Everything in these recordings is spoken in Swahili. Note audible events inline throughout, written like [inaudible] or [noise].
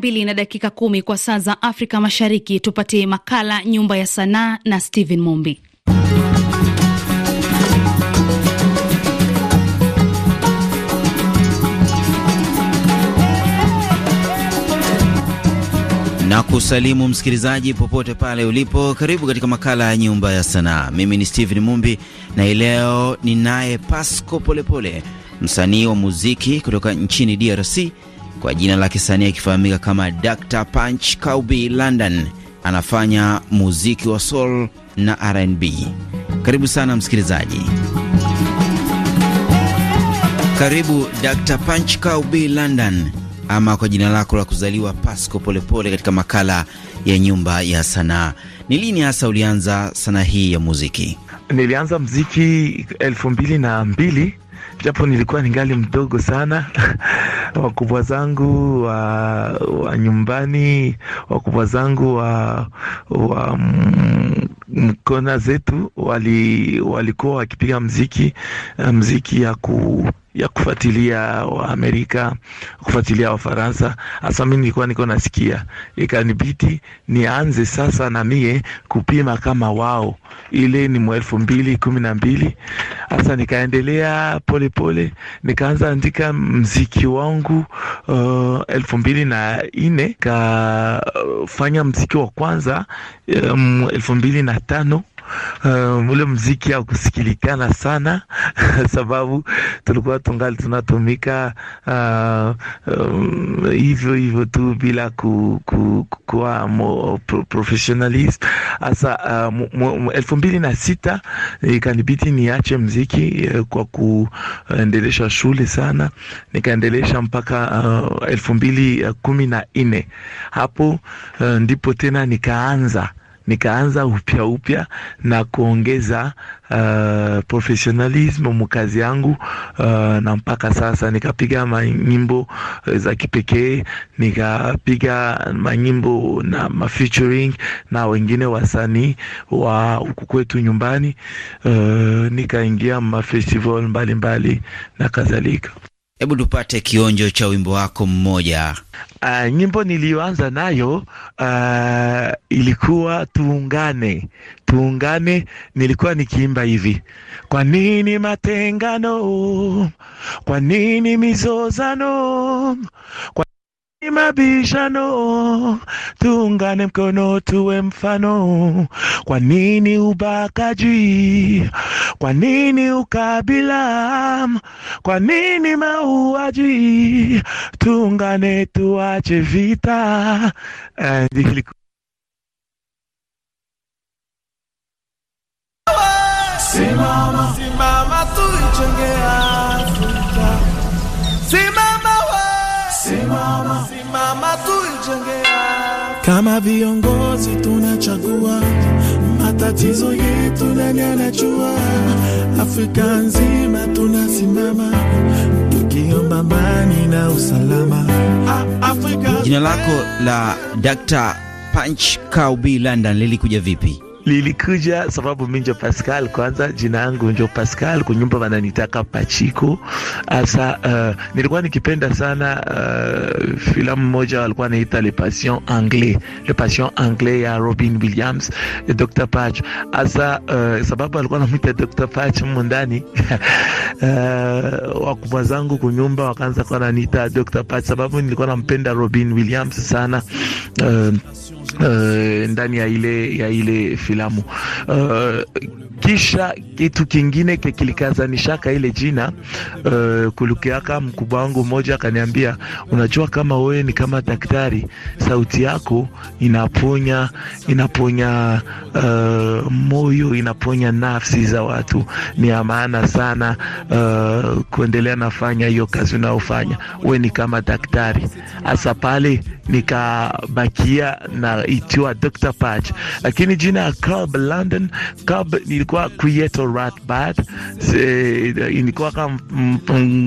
mbili na dakika kumi kwa saa za Afrika Mashariki. Tupate makala Nyumba ya Sanaa na stephen Mumbi. na kusalimu msikilizaji popote pale ulipo, karibu katika makala ya nyumba ya sanaa. Mimi ni Steven Mumbi na hii leo ninaye Pasco Polepole, msanii wa muziki kutoka nchini DRC kwa jina la kisanii akifahamika kama Dr Punch Kaubi London. Anafanya muziki wa soul na RnB. Karibu sana msikilizaji, karibu Dr Punch Kaubi London, ama kwa jina lako la kuzaliwa Pasco Polepole, katika makala ya Nyumba ya Sanaa. Ni lini hasa ulianza sanaa hii ya muziki? Nilianza mziki elfu mbili na mbili japo nilikuwa ningali mdogo sana [laughs] wakubwa zangu wa, wa nyumbani, wakubwa zangu wa, wa mkona zetu walikuwa wali wakipiga mziki mziki ya ku ya kufuatilia Waamerika, kufuatilia Wafaransa. Hasa mi nilikuwa niko nasikia, ikanibidi nianze sasa na mie kupima kama wao. Ile ni mwelfu elfu mbili kumi na mbili. Hasa nikaendelea polepole, nikaanza andika mziki wangu uh, elfu mbili na nne kafanya mziki wa kwanza um, elfu mbili na tano uh, ule mziki haukusikilikana sana [laughs] sababu tulikuwa tungali tunatumika uh, um, hivyo hivyo tu bila ku, ku, kuwa pro, professionalist hasa uh, elfu mbili na sita ikanibidi niache mziki kwa kuendelesha shule sana, nikaendelesha mpaka uh, elfu mbili kumi na nne hapo uh, ndipo tena nikaanza nikaanza upya upya na kuongeza uh, professionalism mukazi yangu uh, na mpaka sasa nikapiga manyimbo uh, za kipekee, nikapiga manyimbo na mafeaturing na wengine wasanii wa huku kwetu nyumbani uh, nikaingia mafestival mbalimbali na kadhalika. Hebu tupate kionjo cha wimbo wako mmoja. Uh, nyimbo niliyoanza nayo uh, ilikuwa tuungane, tuungane. Nilikuwa nikiimba hivi: kwa nini matengano, kwa nini mizozano, kwa Mabishano, tuungane mkono, tuwe mfano. Kwa nini ubakaji? Kwa nini ukabila? Kwa nini mauaji? Tuungane, tuache vita. simama, mama tulijengea. Kama viongozi tunachagua matatizo yetu, nani anajua? Afrika nzima tunasimama tukiomba amani na usalama. Jina lako la Dr. Punch Kaubi London lilikuja vipi? lilikuja sababu mi njo Pascal. Kwanza jina yangu njo Pascal, kunyumba wananitaka Pachiko. Asa uh, nilikuwa nikipenda sana uh, filamu moja walikuwa naita Le Patient Anglais, Le Patient Anglais ya Robin Williams, Dr Patch. Asa uh, sababu alikuwa namwita Dr Patch mundani uh, [laughs] wakubwa zangu kunyumba wakaanza kuwa naniita Dr Patch sababu nilikuwa nampenda Robin Williams sana uh, Eh, ndani ya ile ya ile filamu uh, kisha kitu kingine kilikazanishaka ile jina uh, eh, kulukiaka mkubwa wangu mmoja akaniambia, unajua kama wewe ni kama daktari, sauti yako inaponya inaponya uh, moyo inaponya nafsi za watu, ni ya maana sana uh, kuendelea nafanya hiyo kazi unayofanya wewe, ni kama daktari hasa pale nikabakia na itiwa Dr. Patch, lakini jina ya club London club ilikuwa create Ilikuwa kama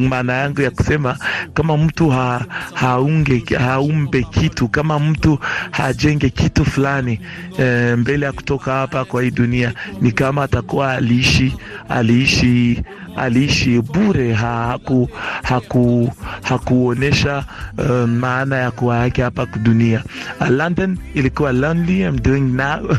maana yangu ya kusema kama mtu ha, haunge haumbe kitu kama mtu hajenge kitu fulani e, mbele ya kutoka hapa kwa hii dunia, ni kama atakuwa aliishi aliishi aliishi bure, haku, haku, hakuonesha uh, maana ya kuwa yake hapa dunia. Uh, London ilikuwa lonely, I'm doing now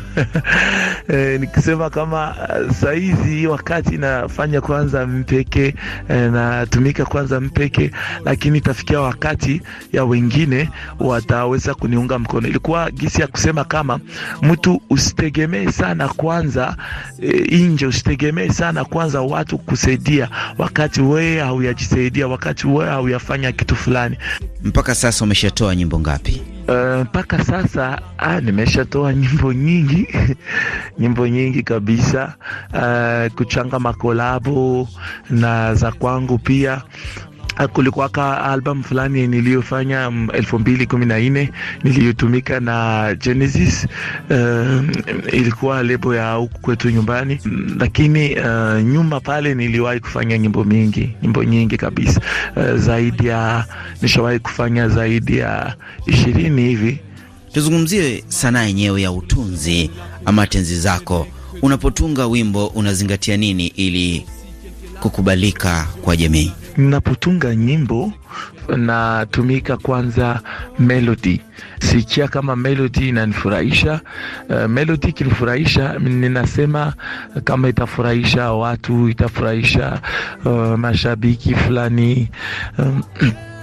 [laughs] eh, nikisema kama eh, saizi wakati nafanya kwanza mpeke eh, natumika kwanza mpeke, lakini itafikia wakati ya wengine wataweza kuniunga mkono. Ilikuwa gisi ya kusema kama mtu usitegemee sana kwanza eh, nje, usitegemee sana kwanza watu kusaidia kujisaidia, wakati wewe hauyajisaidia, wakati wewe hauyafanya kitu fulani. Mpaka sasa umeshatoa nyimbo ngapi? Eh, mpaka uh, sasa ah, nimeshatoa nyimbo nyingi [laughs] nyimbo nyingi kabisa, uh, kuchanga makolabo na za kwangu pia Ah, kulikuwaka album fulani niliyofanya mm, elfu mbili kumi na nne niliyotumika na Genesis. Uh, ilikuwa lebo ya huku kwetu nyumbani, mm, lakini uh, nyuma pale niliwahi kufanya nyimbo mingi, nyimbo nyingi kabisa uh, zaidi ya nishawahi kufanya zaidi ya ishirini hivi. Tuzungumzie sanaa yenyewe ya utunzi ama tenzi zako. Unapotunga wimbo unazingatia nini ili kukubalika kwa jamii? Ninapotunga nyimbo natumika kwanza melody, sikia kama melody inanifurahisha. Uh, melody kinifurahisha, ninasema kama itafurahisha watu, itafurahisha uh, mashabiki fulani um,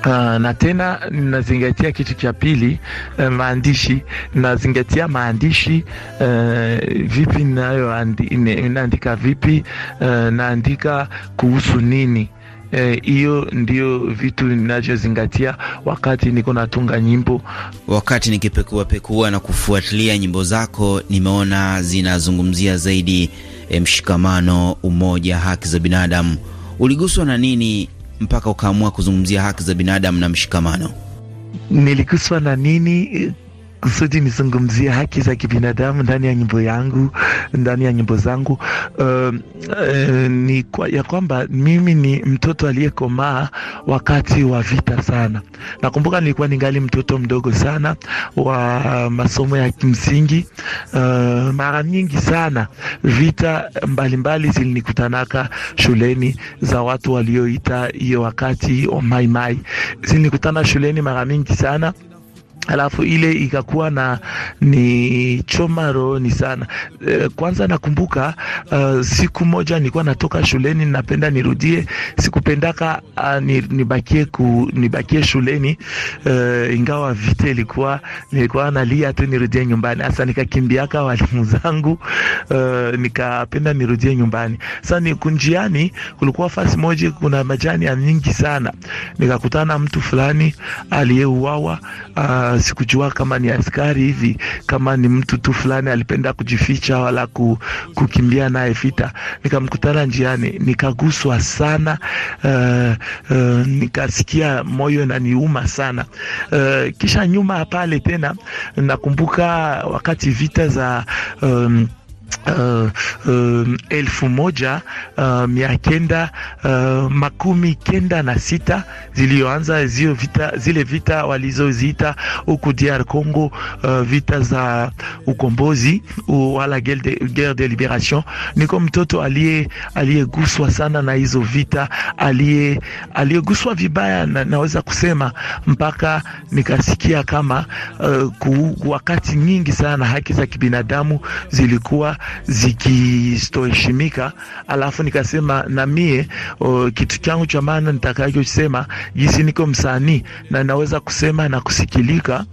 Uh, [clears throat] na tena nazingatia kitu cha pili, uh, maandishi. Nazingatia maandishi uh, vipi nayo andi, inaandika vipi uh, naandika kuhusu nini hiyo eh, e, ndio vitu ninachozingatia wakati niko natunga nyimbo. Wakati nikipekua pekua na kufuatilia nyimbo zako, nimeona zinazungumzia zaidi eh, mshikamano, umoja, haki za binadamu. Uliguswa na nini mpaka ukaamua kuzungumzia haki za binadamu na mshikamano? Niliguswa na nini? kusudi nizungumzie haki za kibinadamu ndani ya nyimbo yangu, ndani ya nyimbo zangu uh, uh, ni kwa, ya kwamba mimi ni mtoto aliyekomaa wakati wa vita sana. Nakumbuka nilikuwa ningali mtoto mdogo sana wa masomo ya kimsingi uh, mara nyingi sana vita mbalimbali zilinikutanaka shuleni za watu walioita hiyo wakati oh, maimai shuleni mara mingi sana alafu ile ikakuwa na ni choma rohoni sana. E, kwanza nakumbuka uh, siku moja nilikuwa natoka shuleni, napenda nirudie, sikupendaka uh, nibakie ku, nibakie shuleni uh, ingawa vita ilikuwa nilikuwa nalia tu nirudie nyumbani. Sasa nikakimbiaka walimu zangu uh, nikapenda nirudie nyumbani. Sasa ni kunjiani, kulikuwa fasi moja kuna majani ya nyingi sana, nikakutana mtu fulani aliyeuawa uh, sikujua kama ni askari hivi, kama ni mtu tu fulani alipenda kujificha wala ku, kukimbia naye vita. Nikamkutana njiani, nikaguswa sana uh, uh, nikasikia moyo naniuma sana uh, kisha nyuma pale tena nakumbuka wakati vita za um, uh, uh, elfu moja uh, mia kenda uh, makumi kenda na sita ziliyoanza zio vita, zile vita walizoziita huku DR Congo uh, vita za ukombozi wala guerre de, de liberation. Niko mtoto aliyeguswa sana na hizo vita, aliyeguswa vibaya na, naweza kusema mpaka nikasikia kama uh, ku, wakati nyingi sana haki za kibinadamu zilikuwa zikistoheshimika, alafu nikasema na mie o, kitu changu cha maana nitakachosema jinsi niko msanii na naweza kusema na kusikilika,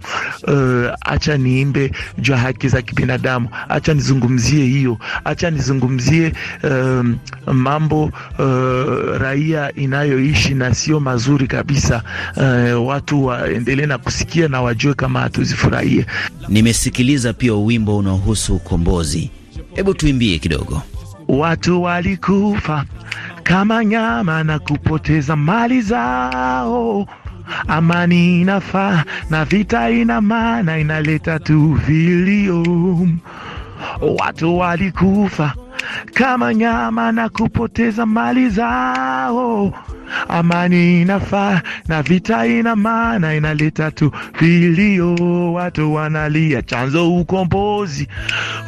uh, acha niimbe juu haki za kibinadamu, acha nizungumzie hiyo, acha nizungumzie um, mambo uh, raia inayoishi na sio mazuri kabisa. Uh, watu waendelee na kusikia na wajue kama hatuzifurahie. Nimesikiliza pia wimbo unaohusu ukombozi Hebu tuimbie kidogo. Watu walikufa kama nyama na kupoteza mali zao. Amani inafaa na vita ina maana, inaleta tu vilio. Watu walikufa kama nyama na kupoteza mali zao. Amani inafaa na vita ina maana, inaleta tu vilio, watu wanalia. Chanzo ukombozi,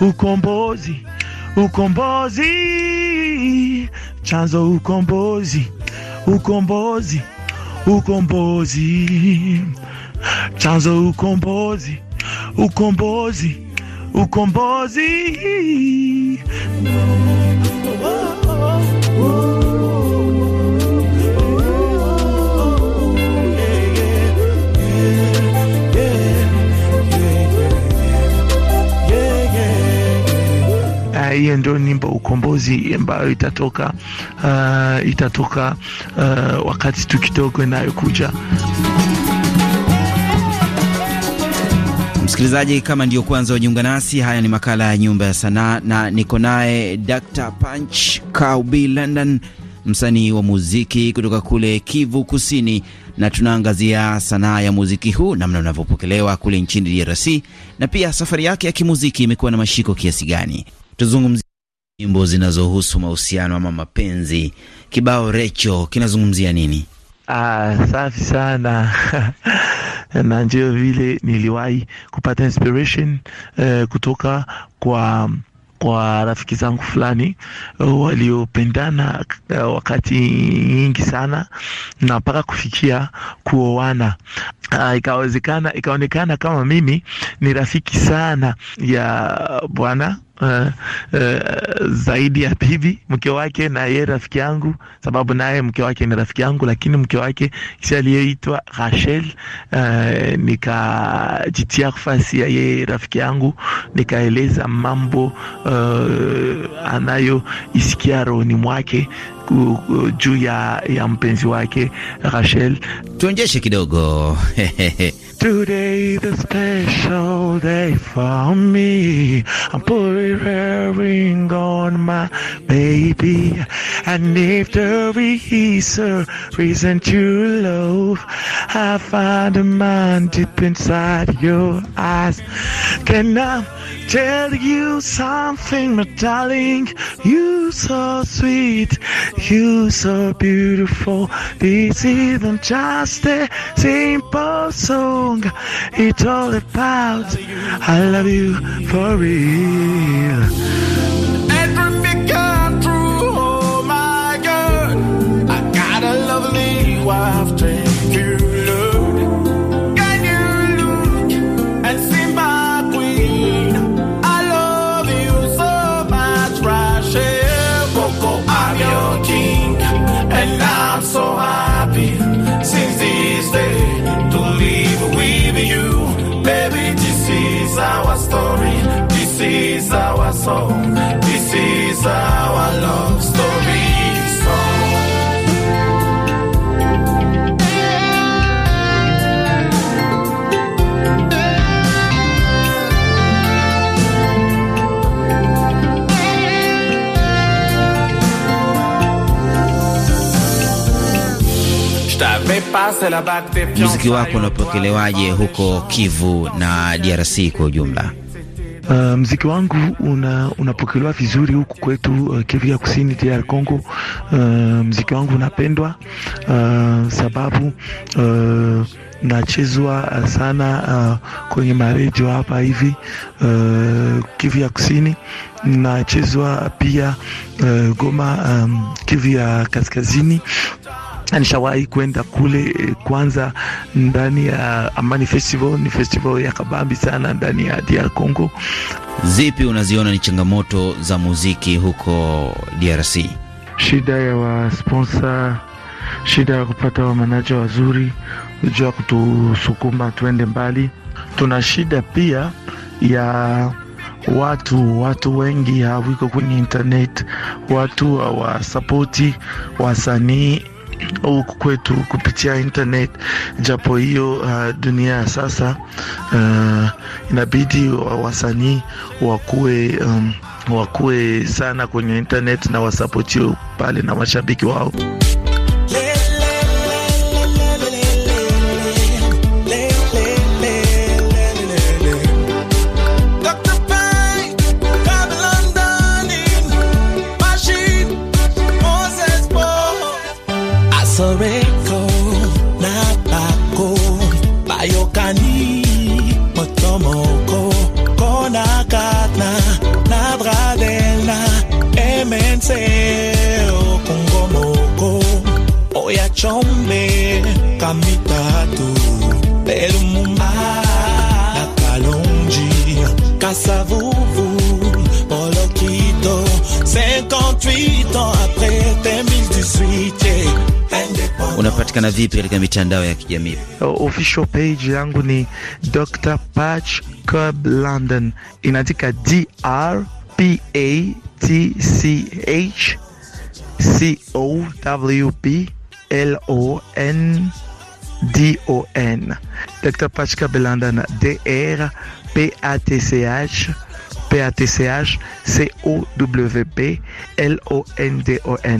ukombozi, ukombozi, chanzo ukombozi, ukombozi, ukombozi, chanzo ukombozi, ukombozi, ukombozi. Oh, oh, oh, hiyo ndio nyimbo ukombozi ambayo itatoka uh, itatoka uh, wakati tu kidogo inayokuja. Msikilizaji, kama ndio kwanza wajiunga nasi, haya ni makala ya Nyumba ya Sanaa na niko naye Dr Punch Kaubi London, msanii wa muziki kutoka kule Kivu Kusini, na tunaangazia sanaa ya muziki huu, namna unavyopokelewa kule nchini DRC na pia safari yake ya kimuziki imekuwa na mashiko kiasi gani. Tuzungumzie nyimbo zinazohusu mahusiano ama mapenzi. Kibao Recho kinazungumzia nini? Ah, safi sana [laughs] na ndio vile niliwahi kupata inspiration eh, kutoka kwa kwa rafiki zangu fulani eh, waliopendana eh, wakati nyingi sana na mpaka kufikia kuoana. Uh, ikawezekana ikaonekana kama mimi ni rafiki sana ya bwana uh, uh, zaidi ya bibi mke wake na yeye rafiki yangu, sababu naye mke wake ni rafiki yangu, lakini mke wake si aliyeitwa Rachel. Uh, nikajitia fasi ya yeye rafiki yangu, nikaeleza mambo uh, anayoisikia rohoni mwake juu ya, ya mpenzi wake Rachel. Tuonjeshe kidogo [laughs] Today a special day for me. I'm putting on my baby. And if there is a reason to love, I find a man deep inside your eyes. Can I tell you something, my darling? You so sweet, you so beautiful. This isn't just a simple song song. It's all about I love you for real. muziki wako unapokelewaje huko Kivu na DRC kwa ujumla? Uh, mziki wangu una, unapokelewa vizuri huku kwetu uh, Kivu ya Kusini DR Congo. Uh, mziki wangu unapendwa uh, sababu uh, nachezwa uh, sana uh, kwenye marejo hapa hivi uh, Kivu ya Kusini nachezwa pia uh, Goma um, Kivu ya Kaskazini nishawahi kwenda kule eh, kwanza ndani ya Amani Festival, ni festival ya kabambi sana ndani ya DR Congo. Zipi unaziona ni changamoto za muziki huko DRC? Shida ya wasponsa, shida ya kupata wamanaja wazuri juu ya kutusukuma tuende mbali. Tuna shida pia ya watu watu wengi hawiko kwenye internet, watu hawasapoti wasanii huku kwetu kupitia internet, japo hiyo uh, dunia ya sasa uh, inabidi wasanii wakuwe um, wakuwe sana kwenye internet na wasapotiwe pale na mashabiki wao. chome kami tatu pelumumba na kalonji kasavuvu polokito 58 ans après 2018 Unapatikana vipi katika mitandao ya kijamii? Official page yangu ni Dr Patch Cub London, inaandika D R P A T C H C O W P L-O-N-D-O-N. Dr. Pachka Belandan, D-R-P-A-T-C-H. P-A-T-C-H, C-O-W-P, L-O-N-D-O-N.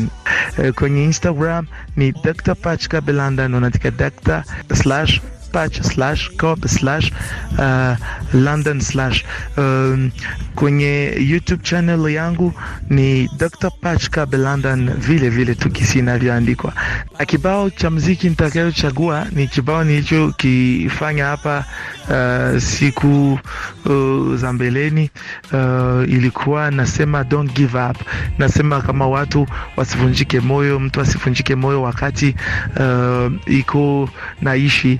Euh, Kwenye Instagram ni Dr. Pachka Belanda que Dr slash dispatch slash cob slash uh, london slash. Um, kwenye YouTube channel yangu ni Dr Patch Cobb London, vile vile tukisi inavyoandikwa. Na Kibao cha mziki nitakayochagua ni kibao nilichokifanya hapa uh, siku uh, za mbeleni uh, ilikuwa nasema don't give up, nasema kama watu wasivunjike moyo, mtu asivunjike moyo wakati uh, iko naishi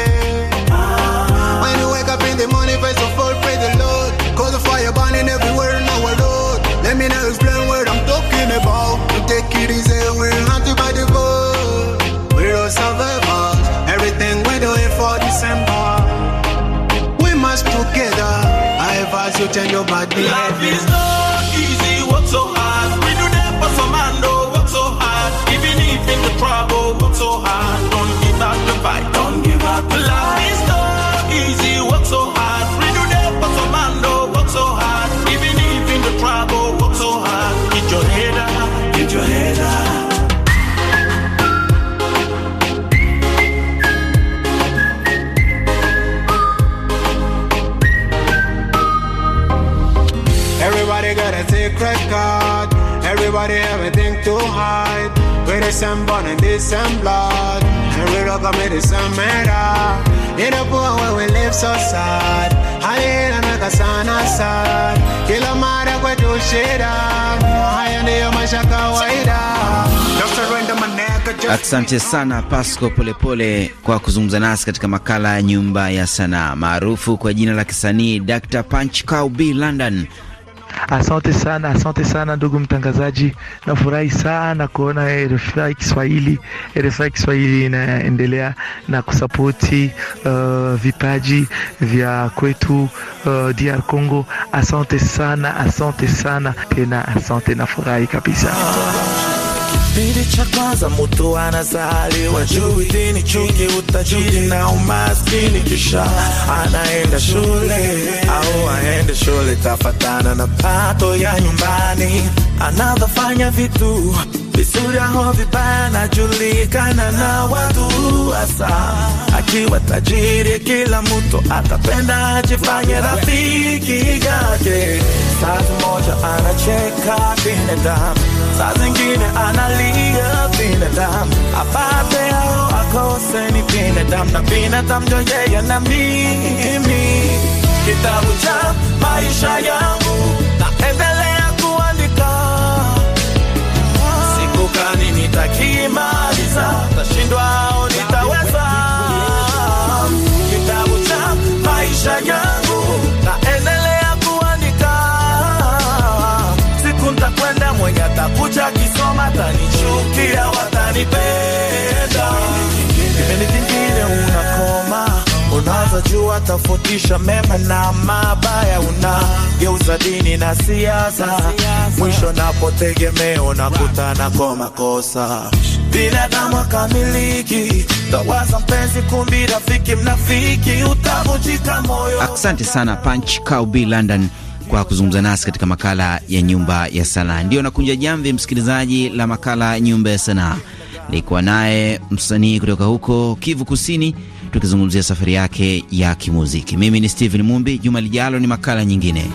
make it We're not to by the boat. We're all survivors. Everything we're doing for December. We must together. I advise you change your body. Life is not easy. Work so hard. We do that for some man. No, oh, work so hard. Even if in the trouble, work so hard. Don't give up the fight. Don't give up the life. Is not a secret card. Everybody have a thing to hide. We the same bone and the same blood. And we don't come me the same matter. In a poor where we live so sad. I a yanaka of sad. Kill a mother, up. I Kila mara kwetu shida. Haya ndiyo maisha kawaida. Asante sana Pasco Polepole pole kwa kuzungumza nasi katika makala ya Nyumba ya Sanaa, maarufu kwa jina la kisanii Dr Punch Kowb London Asante sana, asante sana ndugu mtangazaji, nafurahi sana kuona RFI Kiswahili. RFI Kiswahili inaendelea na kusapoti uh, vipaji vya kwetu uh, DR Congo. Asante sana, asante sana tena, asante, nafurahi kabisa. Kipindi cha kwanza mtu anazaliwa juu dini, chuki, utajiri na umaskini, kisha anaenda shule au aende shule tafatana na pato ya nyumbani, anavyofanya vitu vizuri au vibaya, najulikana na watu hasa. Akiwa tajiri, kila mtu atapenda ajifanye rafiki yao mmoja anacheka binadamu, saa zingine analia binadamu, apate au akose ni binadamu, na binadamu ndio yeye na mimi. Kitabu cha maisha yangu naendelea kuandika, siku gani nitakimaliza, tashindwa au nitaweza? Kitabu cha maisha yangu Kama watanichukia watanipenda, kipindi kingine unakoma, unaanza jua tofautisha mema na mabaya, unageuza dini na siasa, mwisho napotegemea unakutana kwa makosa. Binadamu kamiliki tawaza mpenzi kumbi rafiki mnafiki utavunjika moyo. Asante sana Punch Kaubi London kwa kuzungumza nasi katika makala ya Nyumba ya Sanaa. Ndiyo nakunja jamvi, msikilizaji, la makala Nyumba ya Sanaa. Nilikuwa naye msanii kutoka huko Kivu Kusini, tukizungumzia safari yake ya kimuziki. Mimi ni Steven Mumbi. Juma lijalo ni makala nyingine.